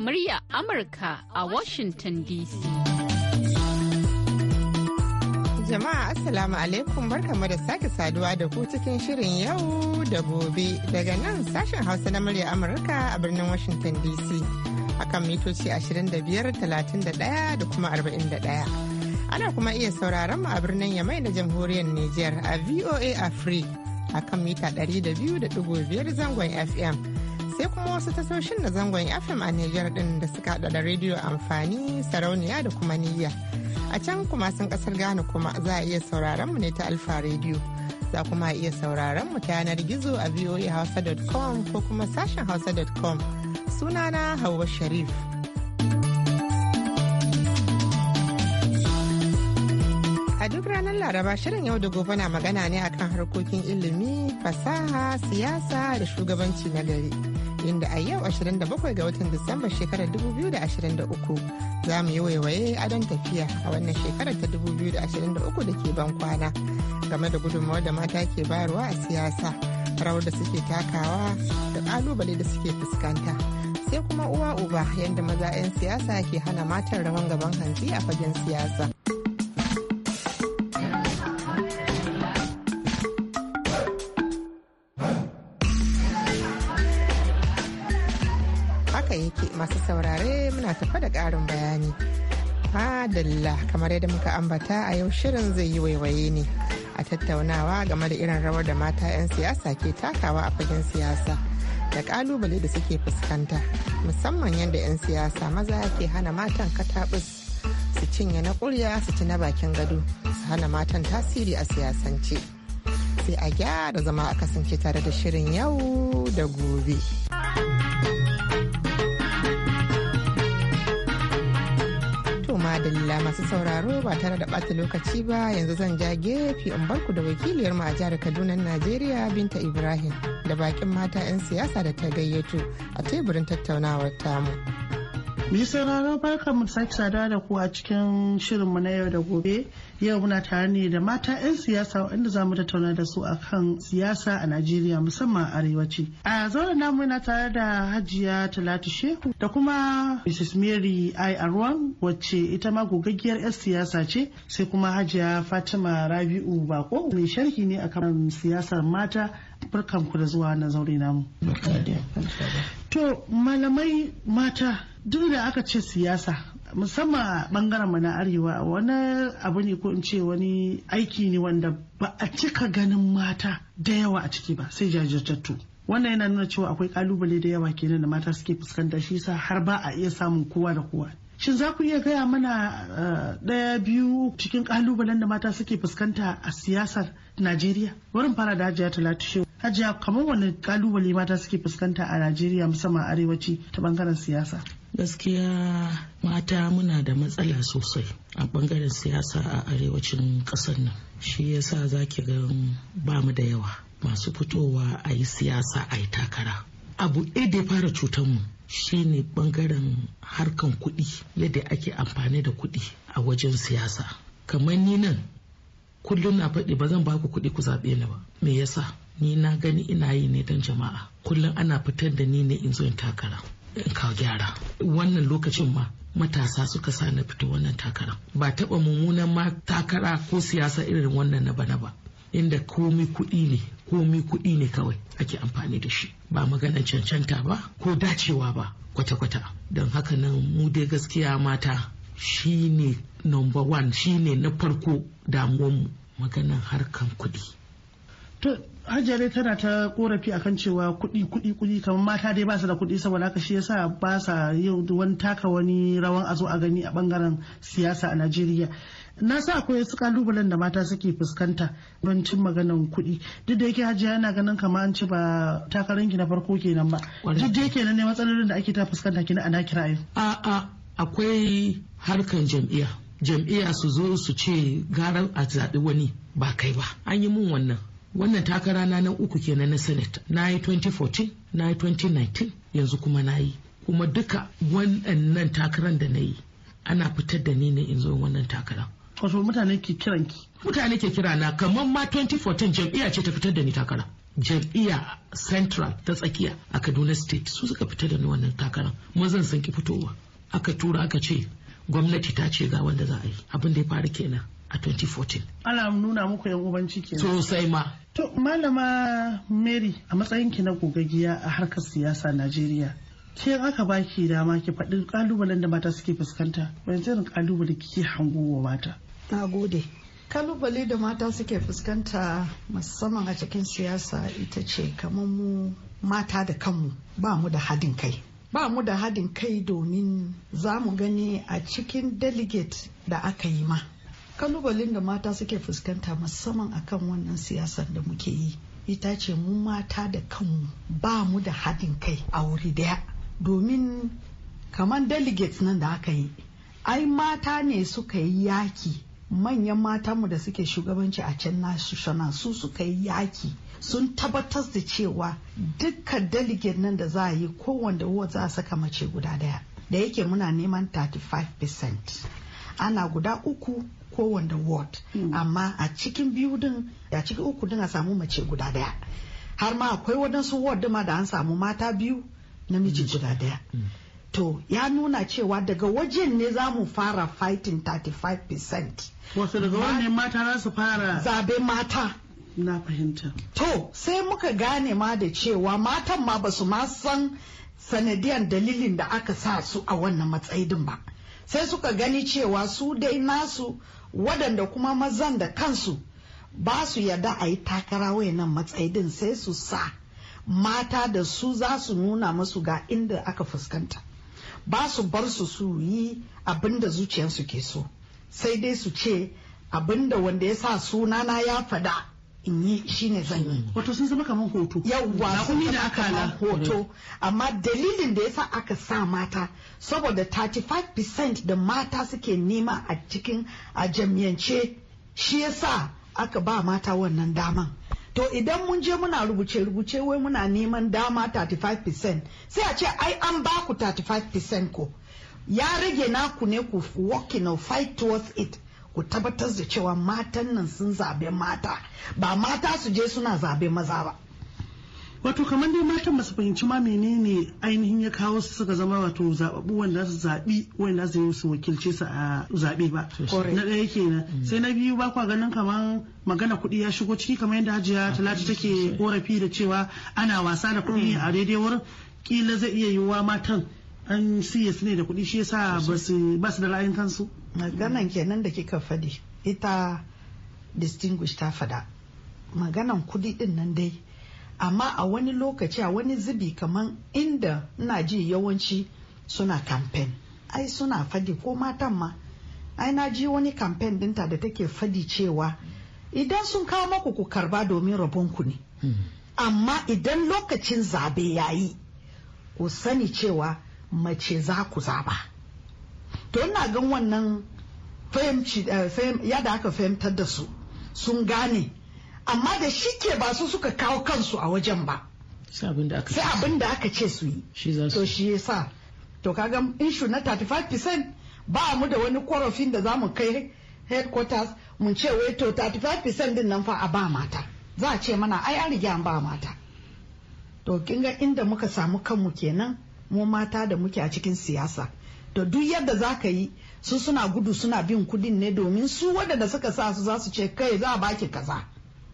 murya Amurka a Washington DC. Jama'a Assalamu alaikum barkamu da sake saduwa da ku cikin shirin yau da gobe daga nan sashen Hausa na murya Amurka a birnin Washington DC akan mitoci 25, 31 da kuma 41. ana kuma iya sauraron mu a birnin yamai na jamhuriyar Nijar a VOA Afri a kan mita 200.5 zangon FM sai kuma wasu tasoshin na zangon FM a Nijar din da suka hada da rediyo amfani sarauniya da kuma niyya. A can kuma sun kasar Ghana kuma za a iya sauraron mu ne ta Alfa rediyo Za kuma iya sauraron mu ta yanar gizo a voahausa.com ko kuma sashen hausa.com. Sunana Hauwa Sharif. A duk ranar Laraba shirin yau da gobe na magana ne akan harkokin ilimi, fasaha, siyasa da shugabanci na gari. inda a yau 27 ga watan Disamba shekarar 2023 za mu yi waiwaye adon tafiya a wannan shekarar ta 2023 da ke ban kwana game da gudunmawar da mata ke bayarwa a siyasa rawar da suke takawa da kalubale da suke fuskanta sai kuma uwa uba yadda maza 'yan siyasa ke hana matan rawan gaban hanzi a fagen siyasa. muna tafa da ƙarin bayani. Adalla kamar yadda muka ambata a yau shirin zai yi waiwaye ne a tattaunawa game da irin rawar da mata 'yan siyasa ke takawa a fagen siyasa da kalubale da suke fuskanta musamman yadda 'yan siyasa maza ke hana matan kataɓus su cinye na ƙurya su ci na bakin gado su hana matan tasiri a siyasance sai a gyara zama a kasance tare da shirin yau da gobe. adalila masu sauraro ba tare da ɓata lokaci ba yanzu zan ja gefe in barku da wakiliyar mu a jihar Kaduna Najeriya Binta Ibrahim da bakin mata 'yan siyasa da ta gayyato a teburin tattaunawar tamu. Mai sauraro barkan mu sake saduwa da ku a cikin shirinmu na yau da gobe. Yau muna tare ne da mata 'yan siyasa inda za mu tattauna da su akan siyasa a Najeriya musamman arewaci. A zauren namu yana tare da Hajiya Talatu Shehu da kuma Mrs. Mary I. Arwan wacce ita ma gogaggiyar 'yan siyasa ce sai kuma Hajiya Fatima Rabi'u Bako mai sharhi ne akan siyasar mata barkan ku da zuwa na zaure namu. To malamai mata duk da aka ce siyasa musamman bangaren mu na arewa wani abu ne ko in ce wani aiki ne wanda ba a cika ganin mata da yawa a ciki ba sai jajirtattu wannan yana nuna cewa akwai kalubale da yawa kenan da mata suke fuskanta shi sa har ba a iya samun kowa da kowa shin za ku iya gaya mana eh, ɗaya biyu cikin kalubalen da mata suke fuskanta a siyasar najeriya wurin fara da hajiya talatu shehu hajiya kamar wani kalubale mata suke fuskanta a najeriya musamman arewaci ta bangaren siyasa gaskiya mata muna da matsala sosai a bangaren siyasa a arewacin ƙasar nan shi yasa za ki gan ba mu da yawa masu fitowa a yi siyasa a yi takara abu ɗaya da ya fara cutanmu ne bangaren harkan kuɗi yadda ake amfani da kuɗi a wajen siyasa kamar ni nan kullum na faɗi ba zan baku kuɗi ku zaɓe ni ba me yasa ni na gani ina yi ne don jama'a kullum ana fitar da ni ne in zo in takara ka gyara wannan lokacin ma matasa suka sa na fito wannan takara ba taba mummunan ma takara ko siyasa irin wannan na bana ba inda komi kuɗi ne komi kuɗi ne kawai ake amfani da shi ba maganar cancanta ba ko dacewa ba kwata-kwata don haka nan mu dai gaskiya mata shine number one shine na farko damuwanmu maganan harkan kuɗi To Hajjare tana ta korafi akan cewa kuɗi kuɗi kuɗi kamar mata dai ba da kuɗi saboda haka shi yasa ba sa yau wani taka wani rawan a zo a gani a bangaren siyasa a Najeriya. Na sa akwai wasu kalubalen da mata suke fuskanta don cin maganan kuɗi. Duk da yake Hajiya yana ganin kamar an ci ba takaranki na farko kenan ba. Duk da yake nan ne matsalolin da ake ta fuskanta kina ana kirayen. A'a akwai harkan jam'iyya. Jam'iyya su zo su ce gara a zaɓi wani ba kai ba. An yi mun wannan. wannan takara na nan uku kenan na senate na yi 2014 na yi 2019 yanzu kuma na yi kuma duka wannan takaran da na yi ana fitar da ni ne in zo wannan takaran wasu mutane ke kiran mutane ke kira na kamar ma 2014 jam'iyya ce ta fitar da ni takara jam'iyya central ta tsakiya a kaduna state su suka fitar da ni wannan takaran zan san ki fitowa aka tura aka ce gwamnati ta ce ga wanda za a yi abin da ya faru kenan a 2014 ana nuna muku yan ubanci ke sosai ma to malama mary a matsayin ki na gogaggiya a harkar siyasa najeriya ke aka baki dama ki faɗi kalubalen da mata suke fuskanta wani irin kalubale kike hango wa mata na gode kalubale da mata suke fuskanta musamman a cikin siyasa ita ce kamar mu mata da kanmu ba mu da hadin kai ba mu da hadin kai domin za mu gani a cikin delegate da aka yi ma kalubalen da mata suke fuskanta musamman akan wannan siyasar da muke yi ita ce mu mata da kanmu ba mu da haɗin kai a wuri daya domin kamar delegates nan da aka yi ai mata ne suka yi yaki manyan matanmu da suke shugabanci a can nasu shana su suka yi yaki sun tabbatar da cewa duka delegate nan da za a yi kowanda ward za a saka mace guda daya da yake muna neman 35% ana guda uku kowanne ward hmm. amma a cikin biyu din a cikin uku din a samu mace guda daya har ma akwai wadansu ward ma da an samu mata biyu namiji hmm. guda daya hmm. to ya nuna cewa daga wajen ne za mu fara fighting 35% wasu daga wani mata za su fara zabe mata na fahimta to sai muka gane ma da cewa matan ma basu ma san sanadiyan dalilin da aka sa su a wannan matsayin ba sai suka gani cewa su dai nasu waɗanda kuma mazan da kansu ba su yarda a yi takara wayannan matsayi din sai su sa mata da su za su nuna masu ga inda aka fuskanta ba su bar su su yi abin da zuciyarsu ke so sai dai su ce abin da wanda ya sa sunana ya fada in yi ne zan yi wato sun zama kamar hoto yawwa sun zama kamar hoto amma dalilin da yasa aka sa mata saboda 35% da mata suke nema a cikin a jami'ance shi yasa aka ba mata wannan daman to idan mun je muna rubuce-rubuce wai muna neman dama 35% sai a ce ai an ba ku 35% ko ya rage naku ne ku walking or fight towards it ku tabbatar da cewa matan nan sun zabe mata ba mata su je suna zabe maza ba wato kamar dai matan ba fahimci ma menene ainihin ya kawo su suka zama wato zababu wanda su zabi wanda su yi su wakilce su a zabe ba na ɗaya kenan mm. sai na biyu ba kwa ganin kamar magana kuɗi ya shigo ciki kamar yadda hajiya ah, talatu take korafi da cewa ana wasa da kuɗi mm. a daidai wurin kila zai iya yiwuwa matan an siya su ne da kuɗi shi yasa ba su da ra'ayin kansu maganan kenan da kika faɗi ita distinguish ta faɗa maganan kuɗi ɗin nan dai amma a wani lokaci a wani zubi kaman inda ina ji yawanci suna campaign ai suna fadi ko matan ma ai na ji wani campaign dinta da take faɗi cewa idan sun kawo maku ku karba domin rabonku ne hmm. amma idan lokacin zabe yayi ku sani cewa mace za ku zaba to ina gan wannan fahimci eh, yadda aka fahimtar da su sun gane amma da shi ke ba su suka kawo kansu a wajen ba sai abin da aka ce su yi to shi ya sa to kaga inshu na 35% ba mu da wani korafin da za mu kai headquarters mun ce wai to 35% din nan fa a ba mata za a ce mana ai an riga an ba mata to kin inda muka samu kanmu kenan mu mata da muke a cikin siyasa to duk yadda za ka yi su suna gudu suna bin kudin ne domin su waɗanda suka sa su za su ce kai za a baki kaza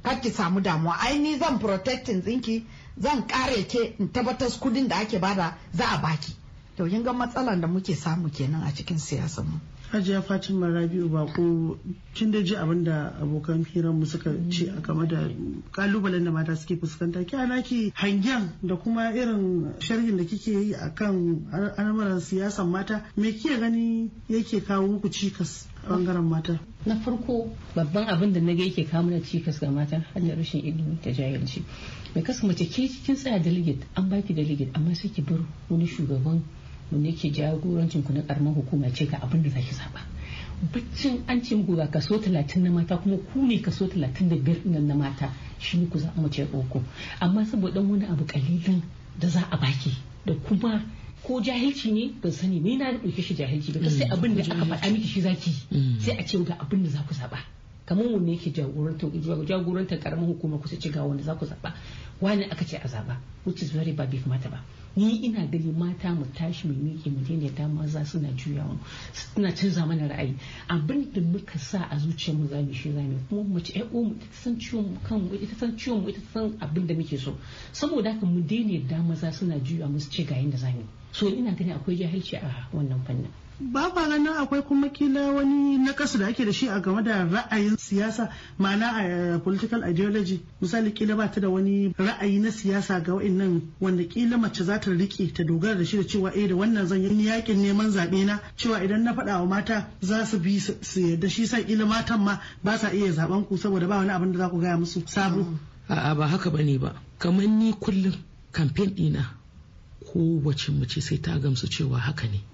kar ki samu damuwa ai ni zan protecting tsinki zan kare ke in tabbatar kudin da ake bada za a baki to kin ga matsalan da muke samu kenan a cikin siyasar mu hajiya fatima rabiu bako kin da ji abin da abokan hiranmu suka ce a game da kalubalen da mata suke fuskanta ki ana ki hangen da kuma irin sharhin da kike yi a kan al'amuran siyasan mata me kike gani yake kawo muku cikas bangaren mata na farko babban abin da naga yake kawo mana cikas ga mata hanyar rashin ilimi da jahilci mai kasa mace ke cikin tsaya delegate an baki delegate amma sai ki bar wani shugaban wanda yake jagorancin ku na karamar hukuma ce ga abin da zaki zaba baccin an ce muku ga kaso 30 na mata kuma ku ne kaso 35 nan na mata shi ne ku zaɓa mace uku amma saboda wani abu kalilin da za a baki da kuma ko jahilci ne ban sani ni na ɗauke shi jahilci ba sai mm, abin da aka faɗa miki shi zaki mm. sai a ce ga abin da za ku zaba kamar mu ne ke jagorantar karamin hukumar kusa ci gawa wanda za ku zaɓa wani aka ce a zaɓa which is very bad kamata ba ni ina gani mata mu tashi mu miƙe mu daina ta maza suna mu suna canza mana ra'ayi abin da muka sa a zuciya mu za mu shi za mu kuma mace ƴan uwan ita san ciwon mu kan mu ita san ciwon mu ita san abin da muke so saboda haka mu daina da maza suna juya mu su ce ga yanda za mu so ina gani akwai jahilci a wannan fannin ba ba ganin akwai kuma kila wani kasu da ake da shi a game da ra'ayin siyasa ma'ana a eh, political ideology misali kila ba ta da wani ra'ayi na siyasa ga wa'annan wanda kila mace za ta riƙe ta dogara da shi da cewa eh da wannan zan yi yakin neman zaɓe na cewa idan na faɗa wa mata za su bi su yarda shi sa kila matan ma ba sa iya zaɓen ku saboda ba wani abin da za ku gaya musu sabo a'a ba haka ba ne ba kamar ni kullum kamfen ɗina kowace mace sai ta gamsu cewa haka ne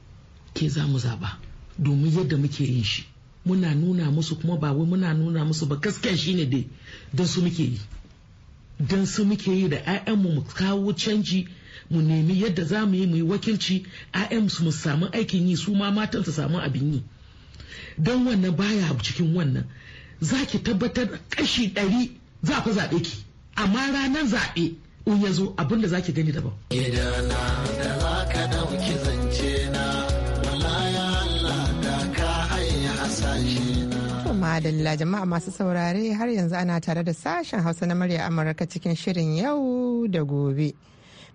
ke za mu zaba domin yadda muke yin shi muna nuna musu kuma ba wai muna nuna musu ba gaskiya shine dai don su muke yi don su muke yi da 'ya'yanmu mu kawo canji mu nemi yadda za mu yi mu yi wakilci 'ya'yan su mu samu aikin yi su ma matan su samu abin yi don wannan baya cikin wannan za ki tabbatar kashi ɗari za ku zaɓe ki amma ranar zaɓe in ya zo abin da za ki gani daban. da za Madalla jama'a masu saurare har yanzu ana tare da sashen Hausa na murya Amurka cikin shirin yau da gobe.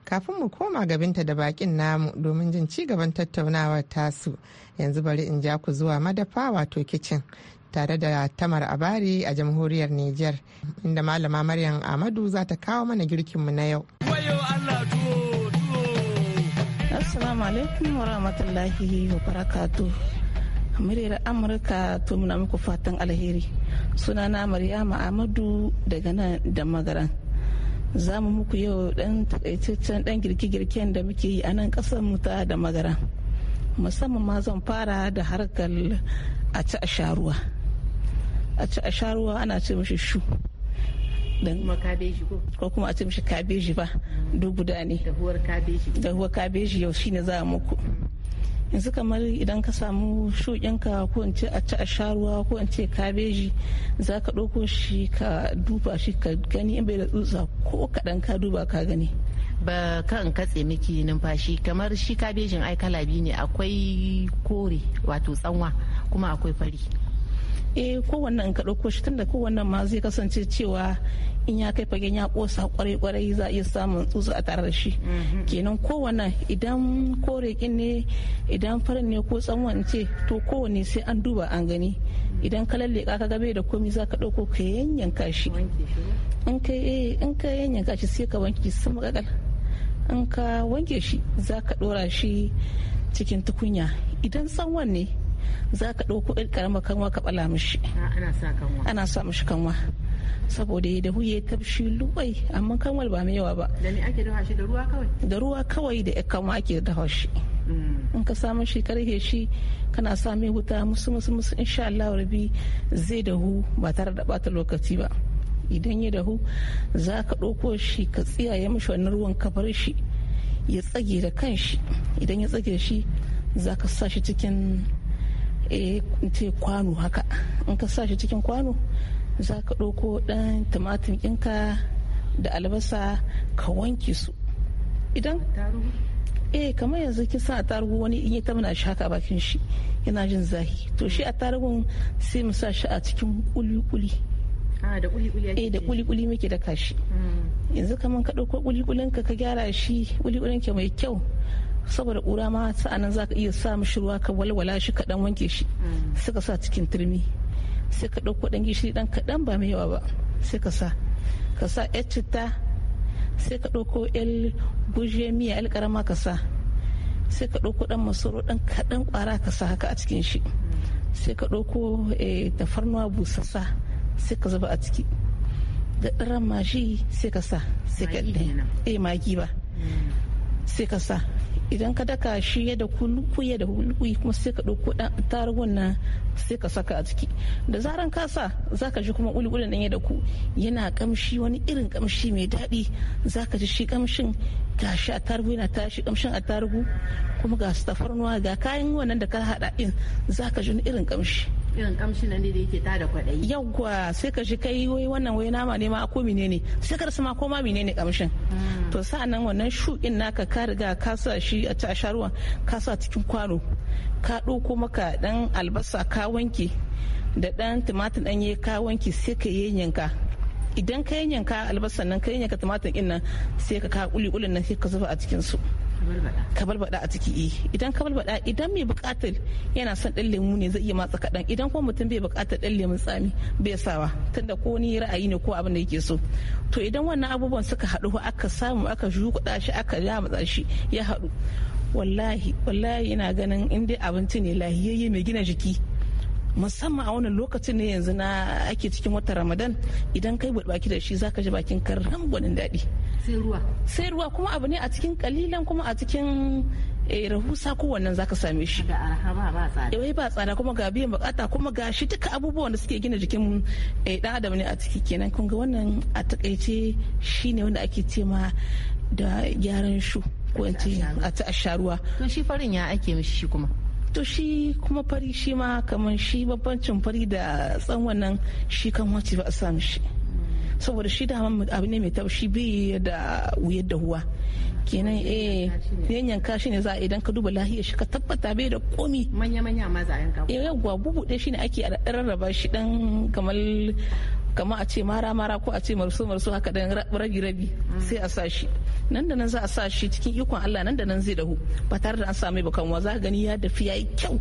Kafin mu koma gabinta da bakin namu domin jin ci gaban tattaunawar tasu yanzu bari in ja ku zuwa madafa wato kicin tare da tamar abari a jamhuriyar Niger inda malama Maryam Amadu za ta kawo mana girkinmu na yau. Assalamu alaikum wa rahmatullahi wa barakatuh. muryar amurka to muna muku fatan alheri sunana maryama amadu daga nan da magaran za mu muku yau dan takaitaccen dan girke-girken da muke yi a nan kasar mu ta da magaran musamman ma zan fara da harkar a ci a sharuwa a ci a sharuwa ana ce mishi shu ko kuma a ce mishi kabeji ba duk guda ne da huwar kabeji yau shine za a muku yanzu kamar idan ka samu shuɗinka ko in ce a ci a sha ruwa ko in ce kabeji za ka ɗauko shi ka duba shi ka gani in bai da tsutsa ko kaɗan ka duba ka gani ba kan katse miki numfashi kamar shi kabejin ai kala biyu ne akwai kore wato tsanwa kuma akwai fari eh kowanne in ka ɗauko shi tunda kowanne ma zai kasance cewa in ya kai fagen ya kosa kwarai kwarai za a iya samun tsutsu a tare da shi mm-hmm. kenan kowanne idan ko kin ne idan farin ne ko tsawon ce to kowanne sai an duba an gani idan ka lalleka ka gabe da komi za ka ɗauko ka yanyanka shi eh, in ka yanyanka shi sai ka wanke sama kakal in ka wanke shi za ka ɗora shi cikin tukunya idan tsawon ne za ka ɗauko ɗin ƙaramar kanwa ka ɓala mishi ah, ana sa mishi kanwa saboda ya dahu ya tafshi luwai amma kanwal ba mai yawa ba da me ake ruwa kawai da ruwa kawai kanwa ake dafa shi mm. in ka samu shi karhe shi kana sa mai wuta musu musu musu insha Allah rabi zai dahu ba tare da bata lokaci ba idan ya dahu za ka ɗauko shi ka tsiyaye mashi wannan ruwan ka bar shi ya tsage da kanshi idan ya tsage shi za ka sa shi cikin Eh, ce kwano haka in ka sa shi cikin kwano za ka ɗauko ɗan tumatir ɗinka da albasa ka wanke su idan eh kamar yanzu kin san tarugu wani in ya muna shi haka bakin shi yana jin zahi to shi tarugun sai mu sa shi a cikin kuli-kuli ah, da eh da kuli-kuli muke daka shi hmm. yanzu kamar ka ɗauko kuli kulinka ka gyara shi kuli kulinka mai kyau saboda kura ma sa'anan za ka iya sa mishi ruwa ka walwala shi kaɗan wanke shi mm. sai ka sa cikin turmi sai ka ɗauko ɗan gishiri ɗan kaɗan ba mai yawa ba sai ka sa ka sa yar citta sai ka ɗauko yar gujiyar miya yar ƙarama ka sa sai ka ɗauko ɗan masoro ɗan kaɗan ƙwara ka sa haka a cikin shi mm. sai ka ɗauko eh, tafarnuwa busassa sai ka zuba a ciki da ɗaran mashi sai ka sa sai ka eh magi ba mm. sai ka sa idan ka daka shi yadda ya da hulukuyi kuma sai ka ɗauko ɗan tarugun nan sai ka saka a ciki da zaran ka sa za ka ji kuma nan ya da ku yana kamshi wani irin kamshi mai daɗi za ka ji shi kamshin tashi a tarugu yana tashi kamshin a tarugu kuma ga su tafarnuwa ga kayan wannan da ka haɗa ɗin za ka ji wani irin kamshi. irin kamshi nan da yake tada kwaɗayi. Yawwa sai ka ji kai wai wannan wai nama ne ma ko menene sai ka rasa ma ko ma menene kamshin. Hmm. To sa'annan wannan shuɗin naka ka riga ka sa shi shi a ta sharuwa ka sa cikin kwano ka ɗauko maka ɗan albasa ka wanke da ɗan tumatir ɗanye ka wanke sai ka yanyanka idan ka yanyanka albasa nan ka yanyanka tumatir ɗin nan sai ka ka ƙuli kulin nan sai ka zuba a cikin su kabalbada a ciki eh idan kabalbada idan mai bukatar yana son dan lemu ne zai iya matsa kadan idan kuma mutum bai bukatar dan lemun tsami bai sawa tunda ko ni ra'ayi ne ko abin da yake so to idan wannan abubuwan suka haɗu aka samu aka kuɗa shi aka matsa shi ya haɗu wallahi wallahi ina ganin in dai abinci ne lahiyayye mai gina jiki musamman a wannan lokacin ne yanzu na ake cikin watan ramadan idan kai baki da shi zaka ji bakin karam gwanin daɗi sai ruwa sai ruwa kuma abu ne a cikin kalilan kuma a cikin eh, rahusa wannan zaka same shi ga arha ba tsada eh, wai ba tsada kuma ga biyan bukata kuma ga shi duka abubuwan da suke gina jikin eh, dan adam ne a ciki kenan kun ga wannan a takaice shine wanda ake ce ma da gyaran shu ko in ce a ta asharuwa to shi farin ya ake mishi shi kuma to shi kuma fari shi ma kamar shi babbancin fari da tsan wannan shi kan wace ba a sa mishi saboda shi da abu ne mai taushi shi bai da wuyar da huwa kenan eh yanka shi ne za a idan ka duba lahiyar shi ka tabbata bai da komi manya manya ma za a yanka eh yawwa bubu ɗaya shi ne ake rarraba shi dan kamar kamar a ce mara mara ko a ce marso marso haka dan ragi rabi mm. sai a sa shi nan da nan za a sa shi cikin ikon Allah nan da nan zai dahu ba tare da an samu bakanwa za gani ya dafi yayi kyau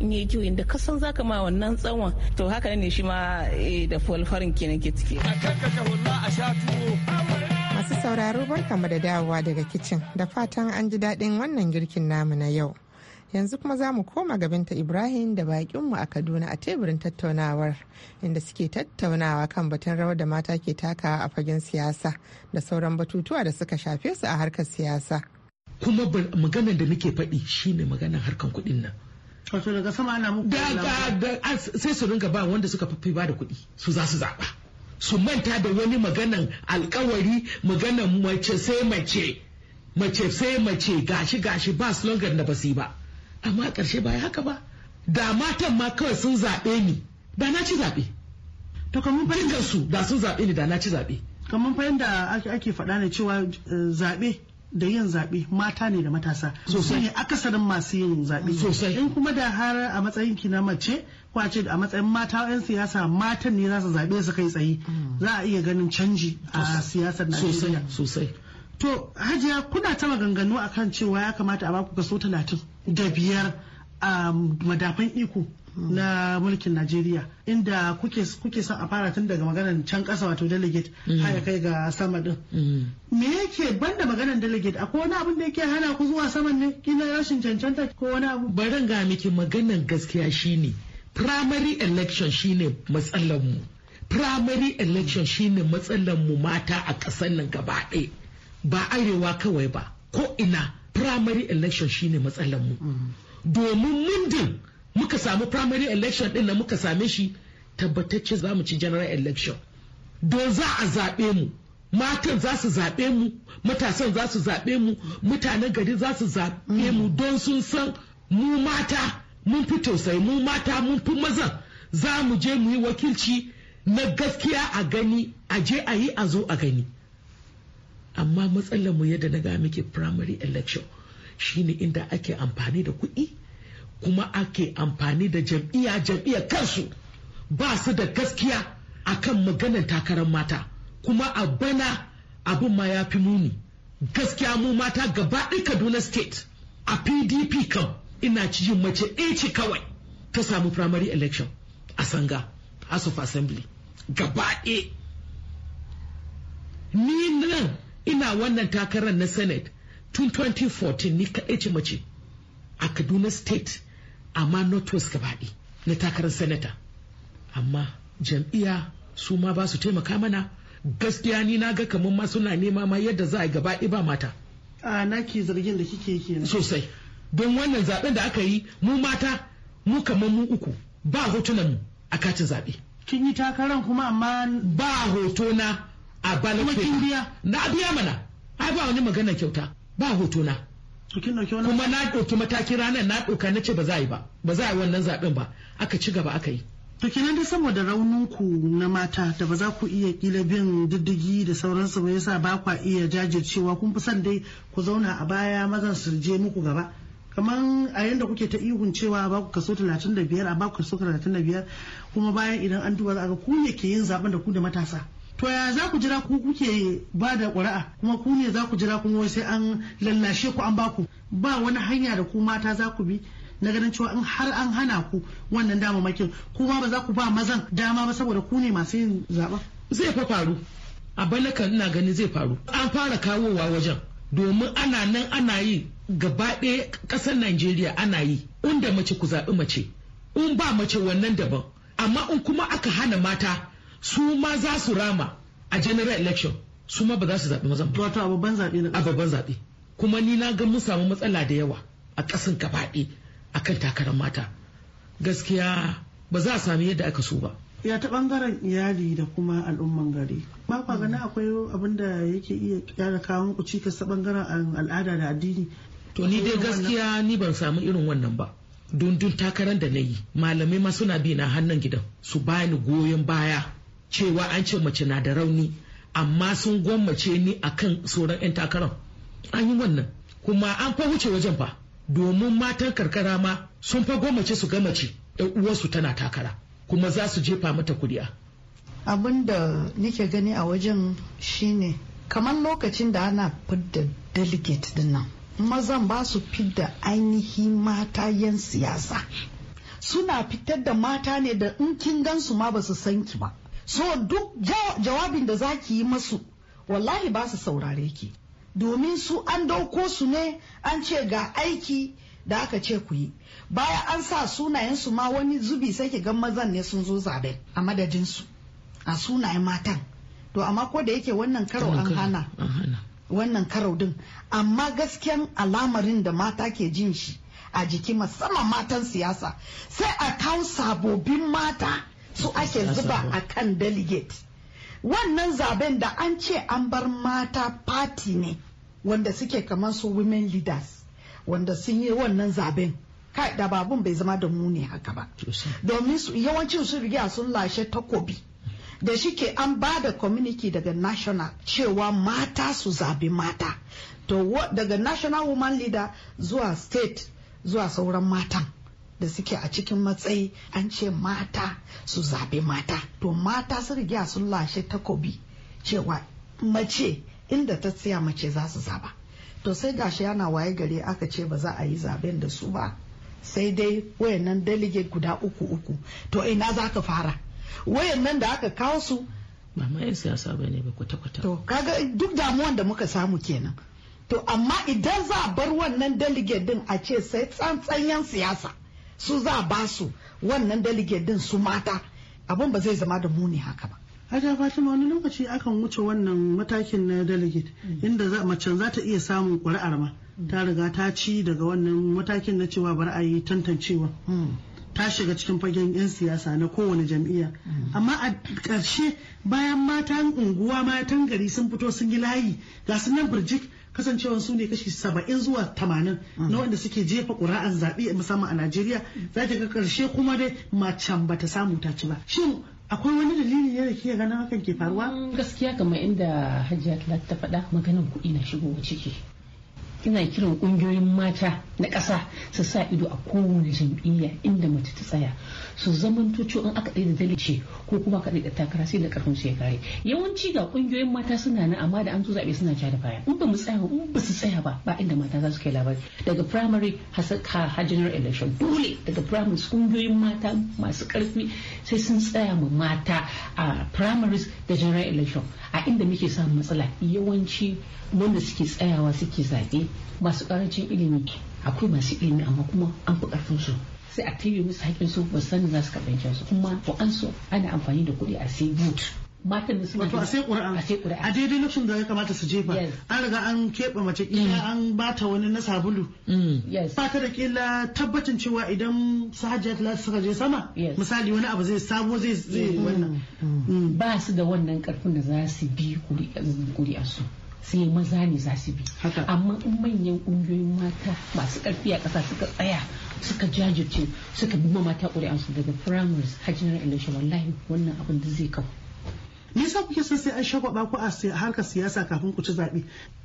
in yi kiwo inda kasan zaka ma wannan tsawon to haka ne shi ma eh, da farin kenan ke ciki. Masu sauraro barkamu da dawowa daga kicin da fatan an ji daɗin wannan girkin namu na yau. yanzu kuma za mu koma gabinta ibrahim da bakinmu a kaduna a teburin tattaunawar inda suke tattaunawa kan batun rawar da mata ke takawa a fagen siyasa da sauran batutuwa da suka shafe su a harkar siyasa kuma maganar da nake faɗi shine maganar harkar kuɗin nan wato daga sama ana muku da sai su ringa ba wanda suka fi ba da kuɗi su za su zaɓa su manta da wani maganan alkawari maganan mace sai mace mace sai mace gashi gashi ba slogan da basi ba amma ƙarshe ba haka ba da matan ma kawai sun zaɓe ni da na ci zaɓe to kamar fahimtar su da sun zaɓe ni da na ci zaɓe kamar fahimta ake faɗa ne cewa eh, zaɓe da yin zaɓe mata ne da matasa sosai ne akasarin masu yin zaɓe sosai in kuma da har a matsayin ki na mace ko a ce a matsayin mata 'yan siyasa matan ne za su zaɓe su kai tsaye mm. za a iya ganin canji a siyasar Najeriya sosai to hajiya kuna ta maganganu akan cewa ya kamata a baku kaso talatin da biyar a um, madafan iko na mulkin Najeriya inda kuke kuke son a fara tun daga maganar can kasa wato delegate mm. har ya kai ga sama din mm. me yake banda maganar delegate akwai wani abin da yake hana ku zuwa saman ne kina rashin cancanta ko wani abu bari ga miki maganar gaskiya shine primary election shine matsalar mu primary election shine matsalar mu mata a kasar nan gaba ɗaya ba arewa kawai ba ko ina primary election shine matsalar mu mm. domin mundin muka samu primary election din na muka same shi tabbatacce za mu ci general election don za a zaɓe mu matan za su zaɓe mu matasan za su zaɓe mu mutanen gari za su zaɓe mu mm. don sun san mu mata mun fi tausayi mu mata mun fi mazan za mu je mu yi wakilci na gaskiya a gani a je a yi a zo a gani amma matsalar mu yadda na ga muke primary election shine inda ake amfani da kuɗi kuma ake amfani da jam'iyya jam'iyya kansu ba su da gaskiya akan maganar takarar mata kuma a bana abin ma ya fi muni gaskiya mu mata gaba kaduna state a pdp kam ina cikin mace ɗaya kawai ta samu primary election a sanga house of assembly gaba ni nan ina wannan takarar na senate tun 2014 ni kaɗai ce mace a kaduna state amma northwest gabaɗi na takarar sanata amma jam'iyya su ma ba su taimaka mana gaskiya ni na ga kamar ma suna nema ma yadda za a gaba ba mata a ke zargin da kike kenan sosai don wannan zaben da aka yi mu mata mu kamar mu uku ba hotunan mu a kacin zaɓe. kin yi takarar kuma amma ba hoto na a biya na biya mana ai ba wani magana kyauta ba hoto na kuma na ɗauki mataki ranar na ɗauka na ce ba za a yi ba ba za a yi wannan zaɓen ba aka ci gaba aka yi to kenan dai saboda ku na mata da ba za ku iya kila bin diddigi da sauransu ba yasa ba kwa iya jajircewa kun fi son dai ku zauna a baya mazan su je muku gaba kamar a yadda kuke ta ihun cewa ba ku kaso 35 a ba ku kaso 35 kuma bayan idan an duba za a ga ku ne ke yin zaɓen da ku da matasa to ya za ku jira ku kuke ba da ƙuri'a kuma ku ne za ku jira kuma sai an lallashe ku an baku ba wani hanya da ku mata za ku bi na ganin cewa in har an hana ku wannan damamakin kuma ba za ku ba mazan dama ba saboda ku ne masu yin zaɓen. zai fa faru a balaka ina ganin zai faru an fara kawowa wajen domin ana nan ana yi gaba ɗaya ƙasar najeriya ana yi inda mace ku zaɓi mace in ba mace wannan daban amma in kuma aka hana mata su ma za su rama a general election su ma ba za su zaɓi mazan ba. Wato a babban zaɓe na A babban zaɓe. Kuma ni na ga mun samu matsala da yawa a ƙasan gabaɗe a kan takarar mata. Gaskiya ba za a sami yadda aka so ba. Ya ta ɓangaren iyali da kuma al'umman gari. Ba kwa gani mm. akwai abin da yake iya ƙara kawo muku cikas ta ɓangaren al'ada da addini. To ni dai gaskiya ni ban samu irin wannan ba. Dundun takarar da na yi malamai ma suna bi na hannun gidan su bani goyon baya cewa an ce mace na da rauni amma sun gwammace ni akan sauran 'yan takarar an yi wannan kuma an fa wuce wajen fa domin matan karkara ma sun fa gwammace su gamace yan uwarsu tana takara kuma za su jefa mata kuri'a abin da nake gani a wajen shine kamar lokacin da ana fidda delegate din nan mazan ba su fidda ainihi mata yan siyasa suna fitar da mata ne da in kin gansu ma ba su san ki ba so duk jawabin da za ki yi masu wallahi ba su saurare ki domin su an dauko su ne an ce ga aiki da aka ce ku yi baya an sa sunayen su ma wani zubi sai ki ga mazan ne sun zo zabe a madadinsu a sunayen matan to amma ko da yake wannan karo an hana wannan karo din amma gaskiyan alamarin da mata ke jin shi a jiki musamman matan siyasa sai a kawo sabobin mata su ake zuba a kan delegate wannan zaben da an ce an bar mata party ne wanda suke kamar su women leaders wanda sun yi wannan zaben kai da babun bai zama da mu ne haka ba domin yawancin su riga sun lashe takobi da shike an ba da community daga national cewa mata su zabi mata to daga national woman leader zuwa state zuwa sauran matan da suke a cikin matsayi an ce mata su zaɓi mata to mata sun riga sun lashe takobi cewa mace inda ta tsaya mace za su zaba to sai gashi yana waye gare aka ce ba za a yi zaben da su ba sai dai wayannan dalige guda uku uku to ina za ka fara wayannan da aka kawo su ba ma siyasa ba ne ba kwata-kwata to kaga duk damuwan da muka samu kenan to amma idan za a bar wannan dalige din a ce sai tsantsan yan siyasa su za ba su wannan delegate din su mata abun ba zai zama da muni haka ba Hajiya Fatima wani lokaci akan wuce wannan matakin na delegate mm. inda mace za ta iya samun ƙuri'ar ma mm. ta riga ta ci daga wannan matakin na cewa bar a tantancewa. Mm. ta shiga cikin fagen 'yan siyasa na kowane jam'iyya amma a ƙarshe bayan matan unguwa matan gari sun fito sun yi layi ga sunan birjik kasancewar su ne kashi saba'in zuwa tamanin na wanda suke jefa ƙura'an zaɓe musamman a najeriya za ga ƙarshe kuma dai macen ta samu ta ci ba shin akwai wani dalili ne da ke ganin hakan ke faruwa mm, gaskiya kamar inda hajiya ta faɗa maganin kuɗi na shigowa ciki ina kiran kungiyoyin mata na ƙasa su sa ido a kowane jam'iyya inda mace ta tsaya su zaman in aka ɗaya da dalice ko kuma aka ɗaya da takara sai da ƙarfin su ya kare yawanci ga kungiyoyin mata suna nan amma da an zo zaɓe suna ja da baya in ba mu tsaya ba ba su tsaya ba ba inda mata za su kai labari daga primary har general election dole daga primary kungiyoyin mata masu ƙarfi sai sun tsaya ma mata a primaries da general election a inda muke samun matsala yawanci wanda suke tsayawa suke zaɓe masu karancin ilimi akwai masu ilimi amma kuma an fi karfin su sai a tebe musu haƙƙin su ba sani za su karɓi su kuma ko an so ana amfani da kuɗi a sai boot matan da suna a sai ƙura'an a daidai lokacin da ya kamata su jefa an riga an keɓe mace kila mm. an bata wani na sabulu mm. ba ta da kila tabbacin cewa idan sahajiya ta suka je sama misali wani abu zai sabo zai mm. wannan ba su da wannan karfin da za su bi a su sai maza ne za su bi amma in manyan ƙungiyoyin mata masu ƙarfi a ƙasa suka tsaya suka jajirce suka bi mata ƙuri'ansu daga primaries har general election wallahi wannan abin da zai kawo me yasa kuke son sai an shagwaba ku a harkar siyasa kafin ku ci zaɓe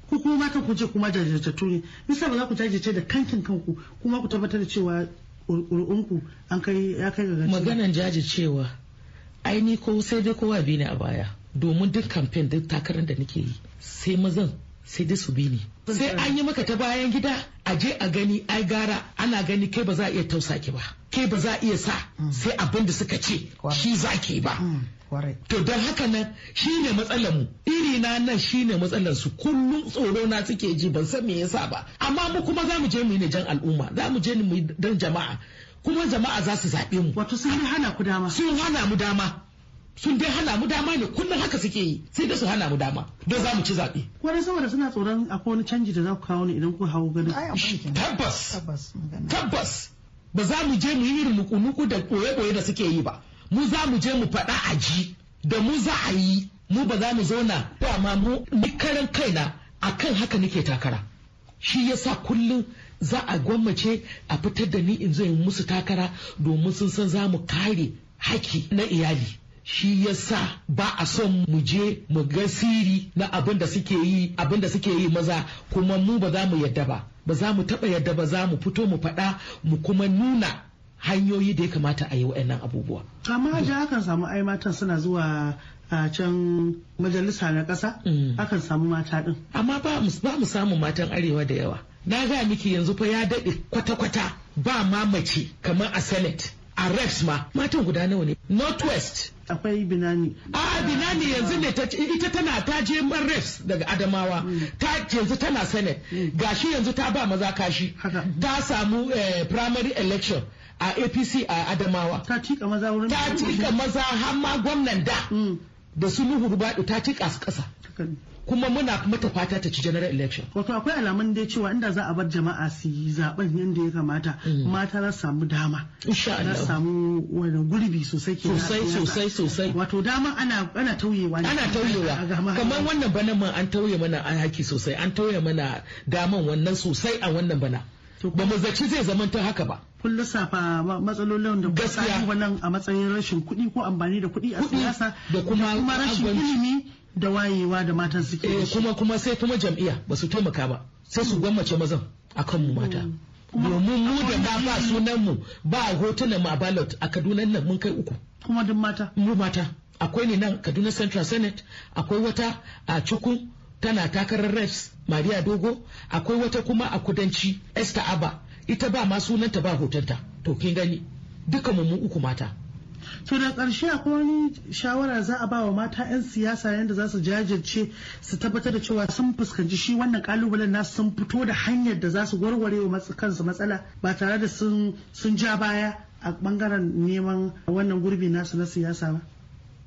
ku kuma mata ku je kuma jajirtattu ne yasa ba za ku jajirce da kankin kanku kuma ku tabbatar da cewa ƙuri'unku an kai ya kai ga maganan jajircewa ai ni ko sai dai kowa biyu ni a baya domin duk kamfen duk takarar da nake yi sai mazan sai dai su bi ni sai an yi maka ta bayan gida a je a gani ai gara ana gani kai ba za a iya tausa ki ba kai ba za a iya sa sai abin da suka ce shi za ki ba mm, to don haka nan shi ne matsalar mu iri na nan shi ne matsalar su kullum tsoro na suke ji ban san me yasa ba amma mu kuma za mu je mu yi ne jan al'umma za mu je mu yi dan jama'a kuma jama'a za su zaɓe mu wato sun hana ku dama sun hana mu dama sun dai hana mu dama ne kullum haka suke yi sai da su hana mu dama don za mu ci zaɓe. wani saboda suna tsoron akwai wani canji da za ku kawo ne idan ku hawo ganin. tabbas tabbas ba za mu je mu yi irin nuku da ɓoye-ɓoye da suke yi ba mu za mu je mu faɗa a ji da mu za a yi mu ba za mu zauna ma mu ni kaina kaina akan haka nake takara shi yasa kullum za a gwammace a fitar da ni in zo musu takara domin sun san za mu kare haki na iyali shi ya sa ba a son mu je mu ga siri na abin da suke yi abin da suke yi maza kuma mu ba za mu yadda ba ba za mu taɓa yadda ba za mu fito mu faɗa mu kuma nuna hanyoyi da ya kamata a yi wa'annan abubuwa. amma da mm. akan samu ai matan suna zuwa a can majalisa na ƙasa mm. akan samu mata ɗin. amma ba mu samu matan arewa da yawa na ga miki yanzu fa ya daɗe kwata-kwata ba ma mace kamar a senate a refs ma matan guda nawa ne northwest akwai binani a binani yanzu ne ita tana ta je refs daga adamawa mm. ta yanzu tana senate mm. gashi yanzu ta ba maza kashi ta samu eh, primary election a apc a adamawa ta cika maza wurin ta cika maza har ma gwamnan da mm. da su nuhu ta cika su kasa kuma muna mata fata ta ci general election wato akwai alamun dai cewa inda za a bar jama'a su yi zaben yadda ya kamata mm. mata za samu dama za samu wani gurbi sosai ke sosai sosai sosai wato dama ana ana tauyewa ana tauyewa kamar wannan bana ma an tauye mana haki sosai an tauye mana daman wannan sosai a wannan bana ba mu zaci zai zamanta haka ba kun lissafa matsalolin da ba yi wannan a matsayin rashin kuɗi ko amfani da kuɗi a siyasa da kuma rashin ilimi da wayewa da matan suke eh kuma kuma sai kuma jam'iyya ba su taimaka ba sai su mm. gwammace mazan a kan mu mata mm. domin mu da ba ba sunan mu ba hotunan mu a ballot a Kaduna nan mun kai uku kuma duk mata mu mata akwai ne nan Kaduna Central Senate akwai wata a Chukwu tana takarar refs Maria Dogo akwai wata kuma a kudanci Esther Aba ita ba ma sunanta ba hotonta to kin gani duka mu uku mata to da ƙarshe akwai wani shawara za a ba wa mata 'yan siyasa yadda za su jajirce su tabbatar da cewa sun fuskanci shi wannan kalubalen nasu sun fito da hanyar da za su warware wa kansu matsala ba tare da sun ja baya a bangaren neman wannan gurbi nasu na siyasa ba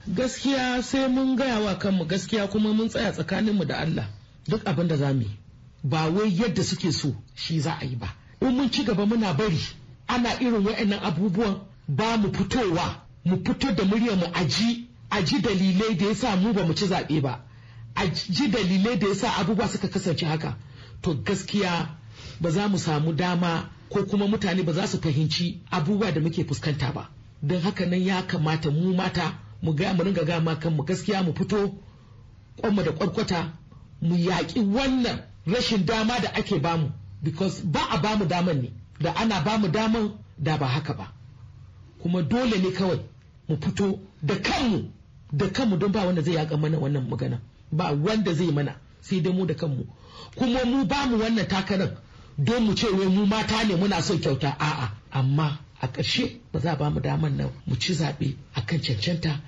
gaskiya sai mun gaya wa kanmu gaskiya kuma mun tsaya tsakaninmu da Allah duk abin da za mu yi ba wai yadda suke so shi za a yi ba in mun ci gaba muna bari ana irin wa'annan abubuwan ba mu fitowa mu fito da murya mu aji aji dalilai da yasa mu ba mu ci zaɓe ba aji dalilai da yasa abubuwa suka kasance haka to gaskiya ba za mu samu dama ko kuma mutane ba za su fahimci abubuwa da muke fuskanta ba don haka nan ya kamata mu mata mu ga mu ringa gama kanmu gaskiya mu fito kwanmu da kwarkwata mu yaƙi wannan rashin dama da ake bamu because ba a bamu daman ne da ana bamu daman da ba haka ba kuma dole ne kawai mu fito da kanmu da kanmu don ba wanda zai yaƙa mana wannan magana ba wanda zai mana sai dai mu da kanmu kuma mu bamu wannan takarar don mu ce wai mu mata ne muna son kyauta a'a amma a ƙarshe ba za ba mu daman nan mu ci zaɓe a kan cancanta